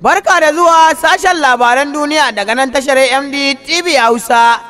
Barka da zuwa sashen labaran duniya daga nan tashar MD TV Hausa.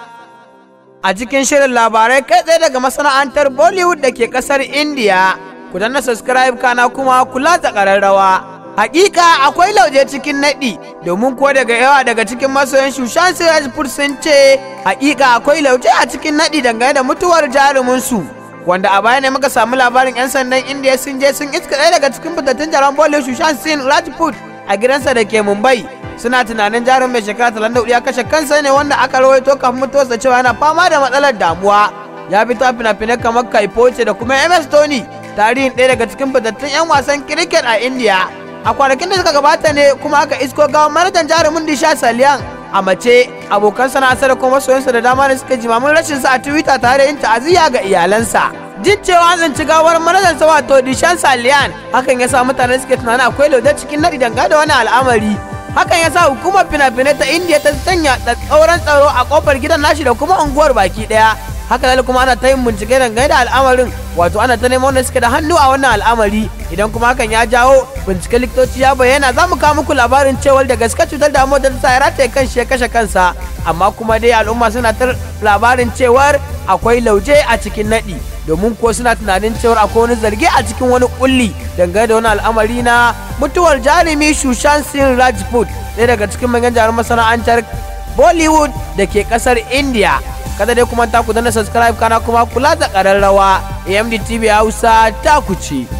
A cikin shirin labarai kai tsaye daga masana'antar Bollywood da ke kasar India, ku danna subscribe kana kuma kula ta ƙararrawa. Hakika akwai lauje cikin naɗi domin ko daga yawa daga cikin masoyan Shushan Sirajpur sun ce hakika akwai lauje a cikin naɗi dangane da mutuwar jaruminsu. Wanda a baya ne muka samu labarin 'yan sandan India sun je sun iska ɗaya daga cikin fitattun jaran Bollywood Shushan Singh Rajput a gidansa da ke mumbai suna tunanin jarin mai shekara talan da ya kashe kansa ne wanda aka rawaito kafin mutuwarsa cewa yana fama da matsalar damuwa ya fito a fina-finai kamar kaifoce da kuma ms tony tarihin ɗaya daga cikin fitattun 'yan wasan kiriket a india a kwanakin da suka gabata ne kuma aka isko gawan manajan jarumin disha saliyan a mace abokan sana'arsa da kuma masoyansa da dama ne suka jimamin rashin sa a twitter tare da yin ta'aziyya ga iyalansa jin cewa zan ci gawar manajan sa wato dishan saliyan hakan ya sa mutane suke tunani akwai lauda cikin naɗi danga da wani al'amari hakan ya sa hukumar fina-finai ta indiya ta sanya tsauran tsaro a kofar gidan nashi da kuma unguwar baki ɗaya haka zalika kuma ana ta yin bincike dangane da al'amarin wato ana ta neman wanda suke da hannu a wannan al'amari idan kuma hakan ya jawo bincike likitoci ya bayyana za mu kawo muku labarin cewar da gaske cutar da da ta ya ta kan shi ya kashe kansa amma kuma dai al'umma suna ta labarin cewar akwai lauje a cikin nadi domin ko suna tunanin cewar akwai wani zargi a cikin wani kulli dangane da wani al'amari na mutuwar jarumi shushan singh rajput ɗaya daga cikin manyan jaruman masana'antar bollywood da ke kasar india kada dai kuma ta ku danna subscribe kana kuma kula da ƙararrawa AMD TV Hausa ta ku ce.